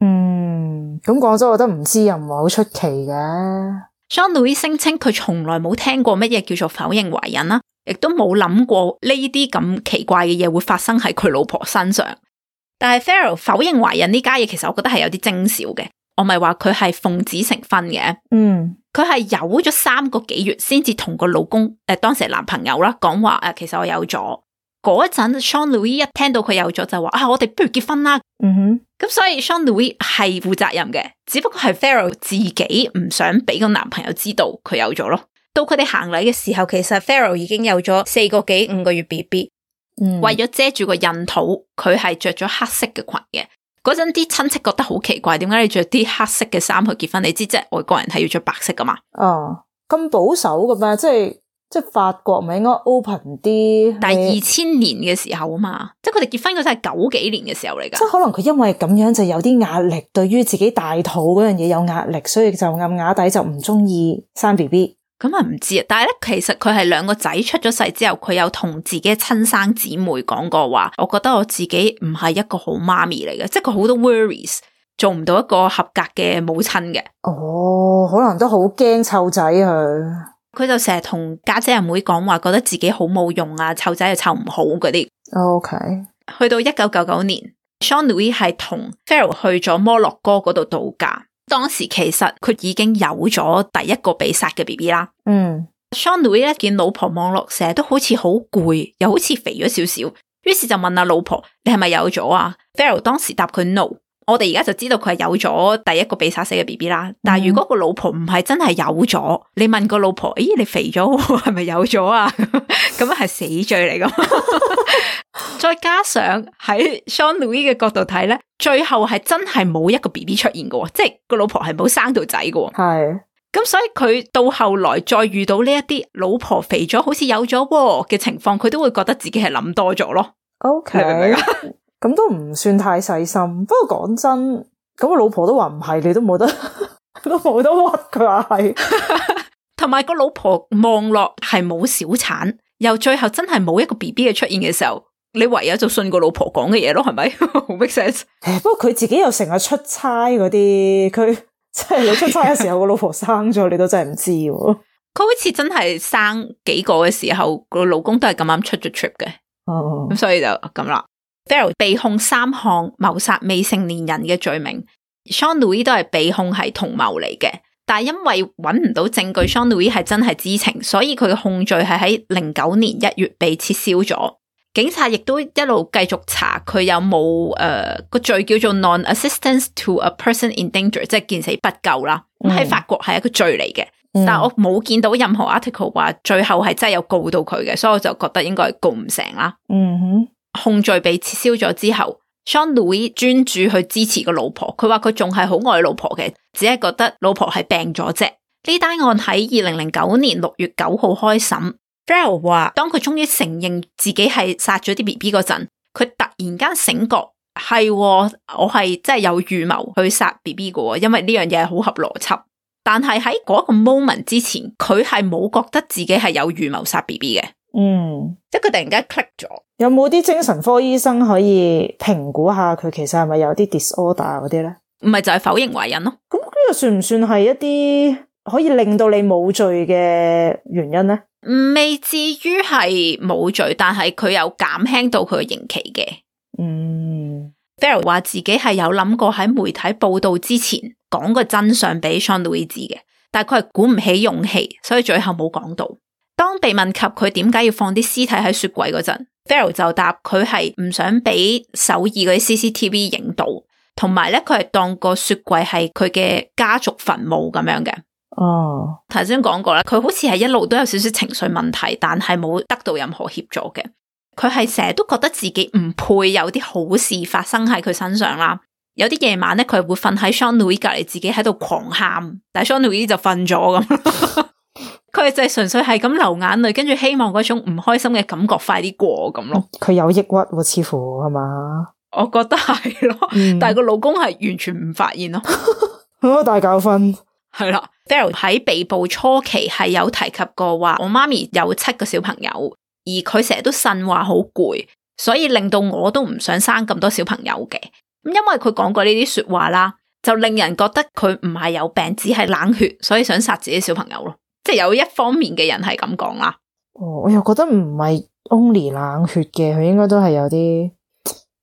嗯，咁講咗，我都唔知又唔係好出奇嘅。Jean-Louis 聲稱佢從來冇聽過乜嘢叫做否認懷孕啦，啊，亦都冇諗過呢啲咁奇怪嘅嘢會發生喺佢老婆身上。但係 Farrow 否認懷孕呢家嘢，其實我覺得係有啲精小嘅。我咪話佢係奉子成婚嘅，嗯，佢係有咗三個幾月先至同個老公，誒、呃，當時男朋友啦，講話誒、呃，其實我有咗。嗰陣 Jean-Louis 一聽到佢有咗就話啊，我哋不如結婚啦，咁、mm hmm. 所以 Jean-Louis 係負責任嘅，只不過係 Farrow 自己唔想俾個男朋友知道佢有咗咯。到佢哋行禮嘅時候，其實 Farrow 已經有咗四個幾五個月 B B，mm hmm. 為咗遮住個孕肚，佢係着咗黑色嘅裙嘅。嗰陣啲親戚覺得好奇怪，點解你着啲黑色嘅衫去結婚？你知即係外國人係要着白色噶嘛？哦，咁保守噶嘛？即係。即係法國咪係應該 open 啲？但係二千年嘅時候啊嘛，即係佢哋結婚嗰陣係九幾年嘅時候嚟㗎。即係可能佢因為咁樣就有啲壓力，對於自己大肚嗰樣嘢有壓力，所以就暗啞底就唔中意生 BB。咁啊唔知啊，但係咧其實佢係兩個仔出咗世之後，佢有同自己親生姊妹講過話，我覺得我自己唔係一個好媽咪嚟嘅，即係佢好多 worries，做唔到一個合格嘅母親嘅。哦，可能都好驚湊仔佢。佢就成日同家姐阿妹講話，覺得自己好冇用啊，湊仔又湊唔好嗰啲。OK，去到一九九九年，Jean-Louis 係同 Véronique 去咗摩洛哥嗰度度假。當時其實佢已經有咗第一個被殺嘅 B B 啦。嗯、mm.，Jean-Louis 見老婆望落成日都好似好攰，又好似肥咗少少，於是就問阿老婆：你係咪有咗啊？Véronique 當時答佢 no。我哋而家就知道佢係有咗第一個被殺死嘅 B B 啦，但係如果個老婆唔係真係有咗，你問個老婆，咦、哎、你肥咗係咪有咗啊？咁 (laughs) 樣係死罪嚟噶。 (laughs) 再加上喺 Jean-Louis 嘅角度睇咧，最後係真係冇一個 B B 出現嘅，即、就、係、是、個老婆係冇生到仔嘅。係是，咁所以佢到後來再遇到呢一啲老婆肥咗好似有咗嘅情況，佢都會覺得自己係諗多咗咯。OK。咁都唔算太細心，不過講真，咁個老婆都話唔係，你都冇得， (laughs) 都冇得屈。佢話係，同埋個老婆望落係冇小產，又最後真係冇一個 BB 嘅出現嘅時候，你唯有就信個老婆講嘅嘢咯，係咪？好不過佢自己又成日出差嗰啲，佢真係你出差嘅時候，個 (laughs) 老婆生咗，你都真係唔知。佢 (laughs) 好似真係生幾個嘅時候，個老公都係咁啱出咗 trip 嘅，咁、嗯、所以就咁啦。被控三項謀殺未成年人嘅罪名 Jean-Louis 都係被控係同謀嚟嘅，但係因為揾唔到證據 Jean-Louis 係真係知情，所以佢嘅控罪係喺零九年一月被撤銷咗。警察亦都一路繼續查佢有冇誒個罪叫做 non-assistance to a person in danger，即係、就是、見死不救啦。喺、mm hmm. 法國係一個罪嚟嘅，mm hmm. 但係我冇見到任何 article 話最後係真係有告到佢嘅，所以我就覺得應該係告唔成啦。嗯哼、mm。Hmm. 控罪被撤銷咗之後 Jean-Louis 專注去支持個老婆。佢話佢仲係好愛老婆嘅，只係覺得老婆係病咗啫。呢單案喺二零零九年六月九號開審。f r l l 話，當佢終於承認自己係殺咗啲 B B 嗰陣，佢突然間醒覺係、哦、我係真係有預謀去殺 B B 嘅，因為呢樣嘢好合邏輯。但係喺嗰個 moment 之前，佢係冇覺得自己係有預謀殺 B B 嘅。嗯，即係佢突然間 click 咗。有冇啲精神科醫生可以評估下佢其實係咪有啲 disorder 嗰啲咧？唔係就係否認懷孕咯。咁呢個算唔算係一啲可以令到你冇罪嘅原因咧？未至於係冇罪，但係佢有減輕到佢嘅刑期嘅。嗯，Véro 話自己係有諗過喺媒體報道之前講個真相俾 Jean-Louis 知嘅，但係佢係鼓唔起勇氣，所以最後冇講到。當被問及佢點解要放啲屍體喺雪櫃嗰陣？Farrow 就答佢係唔想俾首爾嗰啲 CCTV 影到，同埋咧佢係當個雪櫃係佢嘅家族墳墓咁樣嘅。哦、oh.，頭先講過啦，佢好似係一路都有少少情緒問題，但係冇得到任何協助嘅。佢係成日都覺得自己唔配有啲好事發生喺佢身上啦。有啲夜晚咧，佢係會瞓喺 Jean-Louis 隔籬，自己喺度狂喊，但係 Jean-Louis 就瞓咗咁。 (laughs) 佢就係純粹係咁流眼淚，跟住希望嗰種唔開心嘅感覺快啲過咁咯。佢有抑鬱喎，似乎係嘛？我覺得係咯，嗯、但係個老公係完全唔發現咯。 (laughs) 大教訓係啦。Véro 喺被捕初期係有提及過話，我媽咪有七個小朋友，而佢成日都呻話好攰，所以令到我都唔想生咁多小朋友嘅。咁因為佢講過呢啲說話啦，就令人覺得佢唔係有病，只係冷血，所以想殺自己小朋友咯。即係有一方面嘅人係咁講啦。哦，我又覺得唔係 only 冷血嘅，佢應該都係有啲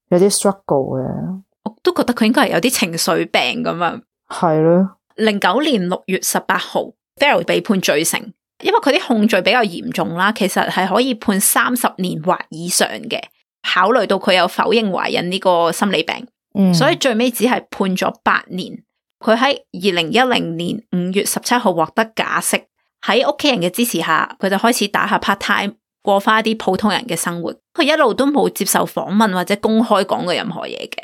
有啲 struggle 嘅。我都覺得佢應該係有啲情緒病咁樣。係咯的。零九年六月十八號，Véronique 被判罪成，因為佢啲控罪比較嚴重啦，其實係可以判三十年或以上嘅。考慮到佢有否認懷孕呢個心理病，嗯、所以最尾只係判咗八年。佢喺二零一零年五月十七號獲得假釋。喺屋企人嘅支持下，佢就開始打下 part time，過翻一啲普通人嘅生活。佢一路都冇接受訪問或者公開講過任何嘢嘅。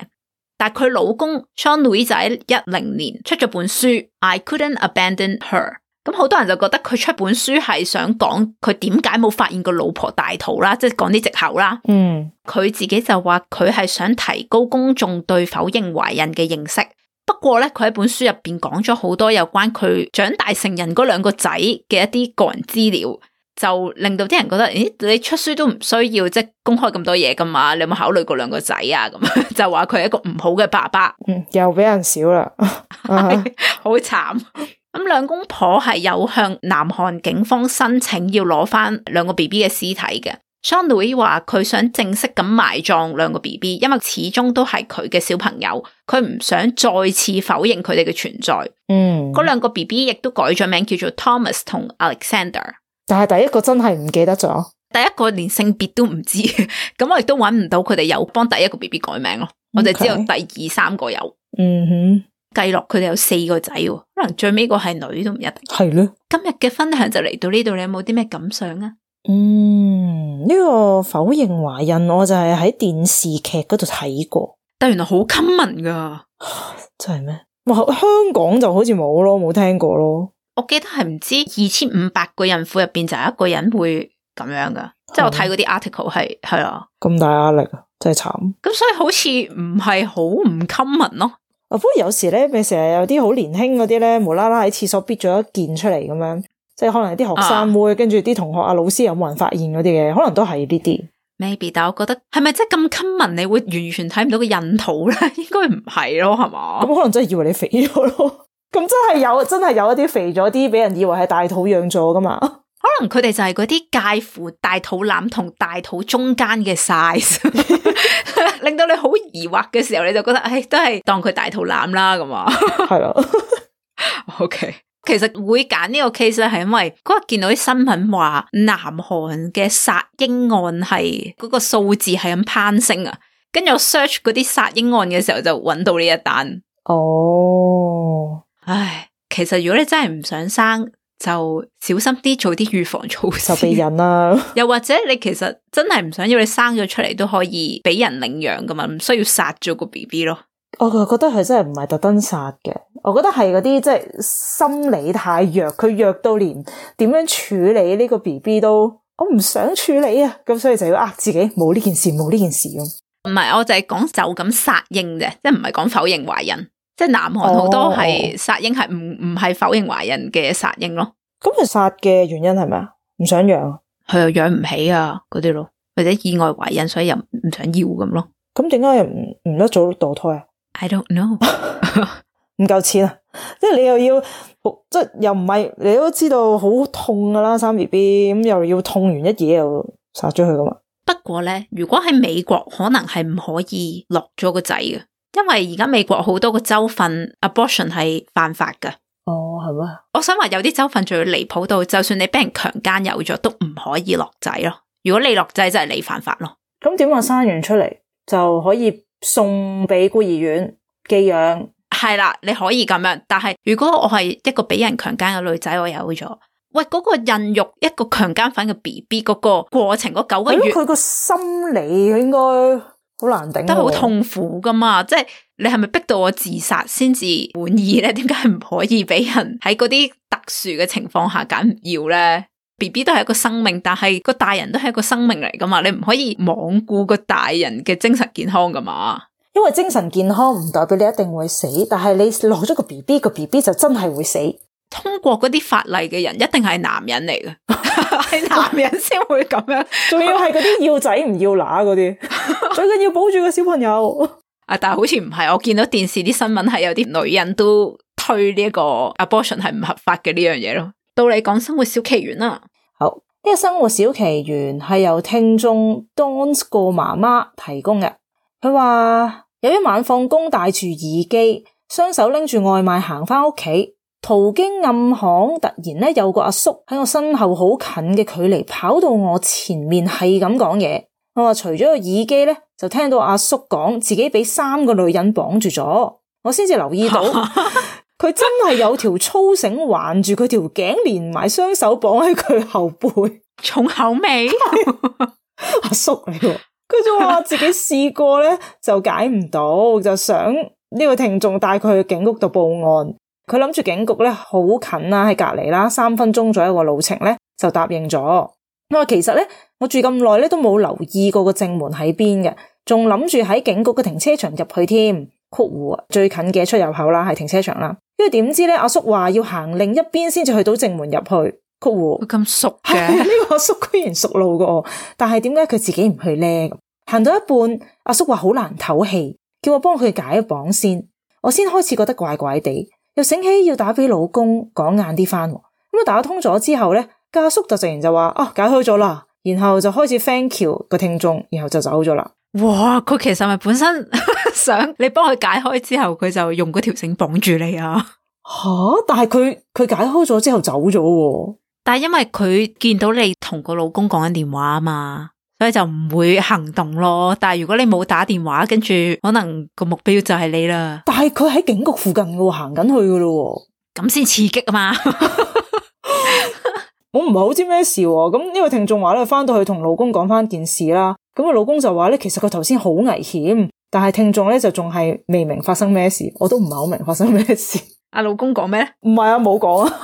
但係佢老公 Jean-Louis 就喺一零年出咗本書《I Couldn't Abandon Her》，咁好多人就覺得佢出本書係想講佢點解冇發現個老婆大肚啦，即係講啲借口啦。嗯，佢自己就話佢係想提高公眾對否認懷孕嘅認識。不過咧，佢喺本書入邊講咗好多有關佢長大成人嗰兩個仔嘅一啲個人資料，就令到啲人覺得，咦，你出書都唔需要即係公開咁多嘢噶嘛？你有冇考慮過兩個仔啊？咁 (laughs) 就話佢係一個唔好嘅爸爸，嗯、又俾人少啦， (laughs) (laughs) 好慘。咁兩公婆係有向南韓警方申請要攞翻兩個 BB 嘅屍體嘅。Jean-Louis 話佢想正式咁埋葬兩個 B B，因為始終都係佢嘅小朋友，佢唔想再次否認佢哋嘅存在。嗯，嗰兩個 B B 亦都改咗名，叫做 Thomas 同 Alexander。但係第一個真係唔記得咗，第一個連性別都唔知，咁我亦都揾唔到佢哋有幫第一個 B B 改名咯。Okay. 我哋知道第二三個有，嗯哼，計落佢哋有四個仔，可能最尾個係女都唔一定。係咧的，今日嘅分享就嚟到呢度，你有冇啲咩感想啊？嗯，呢個否認懷孕，我就係喺電視劇嗰度睇過，但原來好 common 噶，真係咩？哇，香港就好似冇咯，冇聽過咯。我記得係唔知二千五百個孕婦入邊就係一個人會咁樣噶，即係我睇嗰啲 article 係係啊，咁大壓力啊，真係慘。咁所以好似唔係好唔 common 咯。啊，不過有時咧，咪成日有啲好年輕嗰啲咧，無啦啦喺廁所逼咗一件出嚟咁樣。即係可能啲學生妹，跟住啲同學啊，老師有冇人發現嗰啲嘢？可能都係呢啲。Maybe，但我覺得係咪真係咁 common 你會完全睇唔到個印肚咧？應該唔係咯，係嘛？咁可能真係以為你肥咗咯。咁 (laughs) 真係有，真係有一啲肥咗啲，俾人以為係大肚腩咗噶嘛？可能佢哋就係嗰啲介乎大肚腩同大肚中間嘅 size， (laughs) (laughs) (laughs) 令到你好疑惑嘅時候，你就覺得誒、哎，都係當佢大肚腩啦咁啊，係咯。OK。其實會揀呢個 case 咧，係因為嗰日見到啲新聞話，南韓嘅殺嬰案係嗰、嗰個數字係咁攀升啊。跟住我 search 嗰啲殺嬰案嘅時候就，就揾到呢一單。哦，唉，其實如果你真係唔想生，就小心啲做啲預防措施。就俾人啦。 (laughs) 又或者你其實真係唔想要，你生咗出嚟都可以俾人領養噶嘛，唔需要殺咗個 B B 咯。我佢覺得佢真係唔係特登殺嘅，我覺得係嗰啲即係心理太弱，佢弱到連點樣處理呢個 BB 都，我唔想處理啊，咁所以就要呃自己，冇呢件事，冇呢件事咁啊。唔係，我就係講就咁殺嬰嘅，即係唔係講否認懷孕，即係南韓好多係殺嬰係唔唔係否認懷孕嘅殺嬰咯。咁佢殺嘅原因係咪啊？唔想養，佢又養唔起啊，嗰啲咯，或者意外懷孕，所以又唔想要咁咯。咁點解唔唔一早墮胎啊？I don't know，唔 (laughs) 夠 (laughs) 錢啊！即係你又要，即係又唔係你都知道好痛噶啦生 B B 咁，又要痛完一嘢又殺咗佢噶嘛？不過咧，如果喺美國可能係唔可以落咗個仔嘅，因為而家美國好多個州份 abortion 係犯法噶。哦，係咩？我想話有啲州份仲要離譜到，就算你俾人強奸有咗，都唔可以落仔咯。如果你落仔，就係、是、你犯法咯。咁點解、嗯、我生完出嚟就可以？送俾孤兒院寄養係啦，你可以咁樣。但係如果我係一個俾人強姦嘅女仔，我有咗喂嗰、嗰個孕育一個強姦犯嘅 B B 嗰個過程嗰九個月，佢個、哎、心理應該好難頂，都好痛苦噶嘛。即係你係咪逼到我自殺先至滿意咧？點解唔可以俾人喺嗰啲特殊嘅情況下揀唔要咧？B B 都係一個生命，但係個大人都係一個生命嚟噶嘛？你唔可以罔顧個大人嘅精神健康噶嘛？因為精神健康唔代表你一定會死，但係你落咗個 B B，個 B B 就真係會死。通過嗰啲法例嘅人一定係男人嚟嘅，係 (laughs) 男人先會咁樣，仲 (laughs) 要係嗰啲要仔唔要乸嗰啲， (laughs) 最緊要保住個小朋友。啊， (laughs) 但係好似唔係，我見到電視啲新聞係有啲女人都推呢個 abortion 係唔合法嘅呢樣嘢咯。到你講生活小奇緣啦，好，呢個生活小奇緣係由聽眾 Don’s 個媽媽提供嘅。佢話有一晚放工，戴住耳機，雙手拎住外賣行翻屋企，途經暗巷，突然咧有個阿叔喺我身後好近嘅距離，跑到我前面係咁講嘢。我話除咗個耳機咧，就聽到阿叔講自己俾三個女人綁住咗，我先至留意到。 (laughs) 佢真係有條粗繩環住佢條頸，條頸連埋雙手綁喺佢後背，重口味阿叔嚟喎。佢就話自己試過咧 (laughs) 就解唔到，就想呢個聽眾帶佢去警局度報案。佢諗住警局咧好近啦，喺隔籬啦，三分鐘左右個路程咧就答應咗。佢、啊、話其實咧我住咁耐咧都冇留意過個正門喺邊嘅，仲諗住喺警局嘅停車場入去添。曲湖最近嘅出入口啦，係停車場啦。因為點知咧，阿叔話要行另一邊先至去到正門入去曲湖。咁熟嘅呢、這個阿叔，叔居然熟路㗎喎。但係點解佢自己唔去呢？行到一半，阿叔話好難唞氣，叫我幫佢解綁先。我先開始覺得怪怪地，又醒起要打俾老公講晏啲返。咁啊，打通咗之後呢，家叔就突然就話哦、啊，解開咗啦，然後就開始 thank you 個聽眾，然後就走咗啦。哇！佢其實咪本身 (laughs) 想你幫佢解開之後，佢就用嗰條繩綁住你啊？吓、啊！但係佢佢解開咗之後走咗、啊，但係因為佢見到你同個老公講緊電話啊嘛，所以就唔會行動咯。但係如果你冇打電話，跟住可能個目標就係你啦。但係佢喺警局附近嘅，行緊去噶咯，咁先刺激啊嘛！ (laughs) (laughs) 我唔係好知咩事喎、啊。咁呢個聽眾話咧，翻到去同老公講翻件事啦。咁個老公就話咧，其實佢頭先好危險，但係聽眾咧就仲係未明發生咩事，我都唔係好明發生咩事。阿老公講咩唔係啊，冇講啊，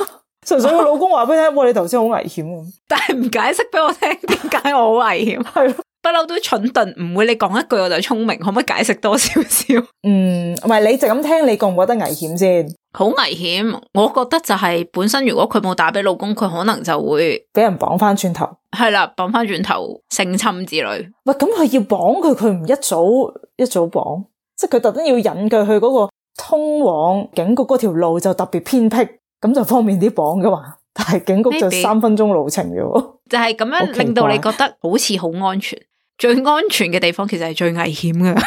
純粹個老公話俾你聽、 (laughs) 哦，你頭先好危險啊！但係唔解釋俾我聽點解我好危險，係咯 (laughs) 的，不嬲都蠢鈍，唔會你講一句我就聰明，可唔可以解釋多少少？嗯，唔係你就咁聽，你覺唔覺得危險先？好危險，我覺得就係本身如果佢冇打俾老公，佢可能就會俾人綁翻轉頭。係啦，綁翻轉頭性侵之類。喂，咁佢要綁佢，佢唔一早一早綁，即係佢特登要引佢去嗰個通往警局嗰條路就特別偏僻，咁就方便啲綁㗎嘛。但係警局就三分鐘路程嘅，Maybe. (laughs) 就係咁這樣令到你覺得好似好安全。最安全嘅地方其實係最危險嘅。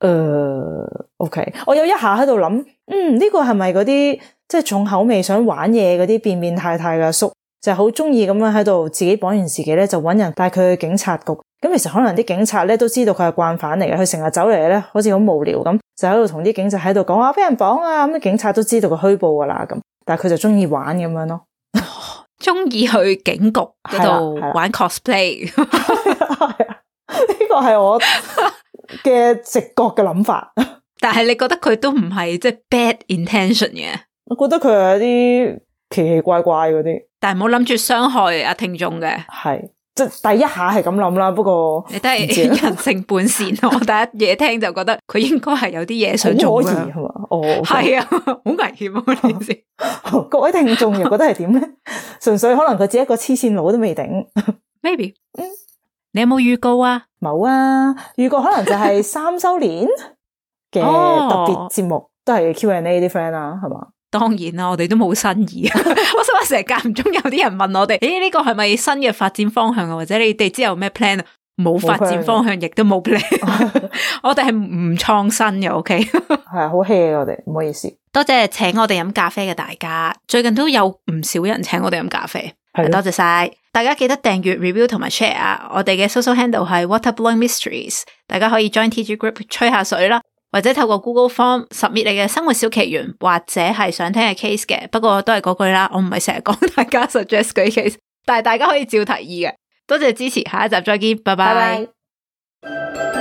誒 (laughs) 、uh,，OK，我有一下喺度諗。嗯，呢、這個係咪嗰啲即係重口味想玩嘢嗰啲變變態態嘅叔，就好中意咁樣喺度自己綁完自己咧，就揾人帶佢去警察局。咁其實可能啲警察咧都知道佢係慣犯嚟嘅，佢成日走嚟咧，好似好無聊咁，就喺度同啲警察喺度講話，俾人綁啊，咁警察都知道佢虛報噶啦咁，但係佢就中意玩咁樣咯，中意 (laughs) 去警局喺度、啊啊、玩 cosplay。呢個係我嘅直覺嘅諗法。但係你覺得佢都唔係即係 bad intention 嘅？我覺得佢係一啲奇奇怪怪嗰啲，但係冇諗住傷害阿聽眾嘅，係即係第一下係咁諗啦。不過你都係人性本善， (laughs) 我第一夜聽就覺得佢應該係有啲嘢想做嘅，係嘛？哦，係、oh, okay. 是啊，好 (laughs) 危險嗰件事。 (laughs) (laughs) 各位聽眾又覺得係點咧？純 (laughs) 粹可能佢自己一個黐線佬都未定，maybe，嗯，你有冇預告啊？冇啊，預告可能就係三周年。 (laughs) 嘅、哦、特別節目都係 Q and A 啲 friend 啦，係嘛？當然啦，我哋都冇新意。 (laughs) 我想話成日間唔中有啲人問我哋，誒、欸，呢個係咪新嘅發展方向啊？或者你哋之後咩 plan 啊？冇發展方向，亦都冇 plan。我哋係唔創新嘅，OK？係啊，好 hea 我哋，唔好意思。多謝請我哋飲咖啡嘅大家，最近都有唔少人請我哋飲咖啡。係的多謝晒，大家記得訂閱 review 同埋 share 啊！我哋嘅 social handle 係 Waterblowing Mysteries，大家可以 join TG group 吹下水啦。或者透過 Google Form submit 你嘅生活小奇懸，或者係想聽嘅 case 嘅。不過都係嗰句啦，我唔係成日講，大家 suggest 佢啲 case，但係大家可以照提議嘅，多謝支持，下一集再見，拜拜。Bye bye.